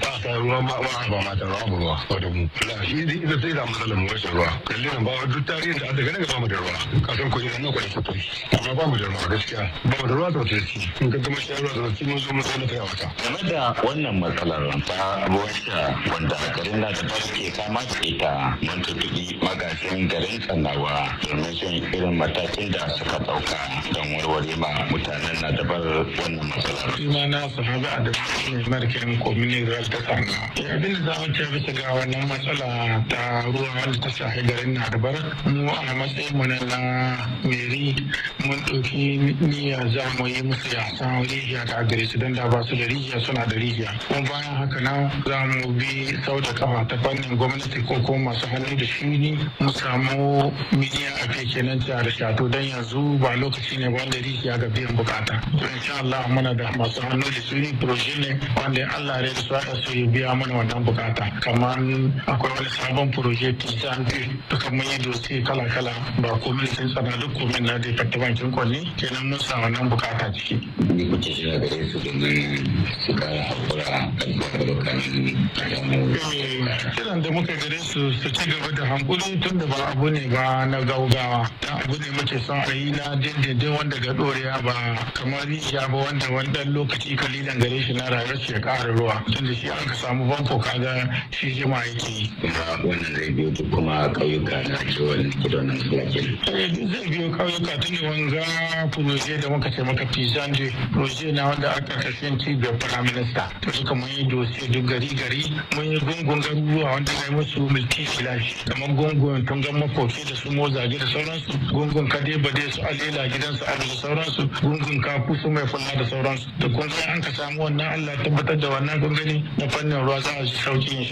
ba ta ruwa ma ba ba ma ta ruwa ruwa ba da mu la shi ita sai da matsalar mu rashin ruwa kalle nan ba duk tarihin da daga nan ba mu da ruwa kasan ko idan na kwai sufuri amma ba mu da ruwa gaskiya ba mu da ruwa ta tace in ka gama shi ruwa ta tace mun zo mu tsaya ta wata game da wannan matsalar ta wata wanda garin na da ke kama da ita mun tuttubi magajin garin Kanawa domin shin irin matakin da suka dauka don warware ma mutanen na dabar wannan matsalar. Suna na sahabi a da markin ta samu abin da za bisa ga wannan matsala ta ruwa wanda ta shahi garin na mu a matsayin mu na meri ɗauki niyya za mu yi musu san rijiya da gare don da ba su da rijiya suna da rijiya kuma bayan haka nan za mu bi sau da kafa ta fannin gwamnati ko kuma masu hannu da shuni mu samu miliyan a kai kenan da shato don yanzu ba lokaci ne wanda rijiya ga biyan bukata to insha Allah muna da masu hannu da shuni proje ne wanda Allah ya su haɗa su biya mana wannan bukata kamar akwai wani sabon proje tisan biyu duka mun yi dosi kala-kala ba komai sun tsana duk komai na da bankin kwali kenan mun samu nan bukata ciki. Ni kuke jira gare su domin su kara haƙura kan kwakwalukan da mu. kiran da muka gare su su ci gaba da hankuli tun da ba abu ne ba na gaugawa dan abu ne muke son a yi na dindindin wanda ga dorewa ba kamar rijiya ba wanda wani dan lokaci kalilan gare shi na rayuwar shi ya ƙara ruwa tun da shi an ka samu famfo kaga shi jima yake yi. wannan zai biyo duk kuma ƙauyuka na ke wani gidan fulakin. Eh, zai biyo ƙauyuka tun da wanga fuloje da muka ce maka fizande fuloje na wanda aka kasance cibiyar firaminista to suka mun yi dosiye duk gari gari mun yi gungun gari abubuwa wanda kai musu multi filashi kamar gungun tungan makoki da su moza da sauransu gungun kadeba dai su alela gidansu abu da sauransu gungun kafu su mai fulla da sauransu da kun an ka samu wannan allah tabbatar da wannan gungani na fannin ruwa za a sauki insha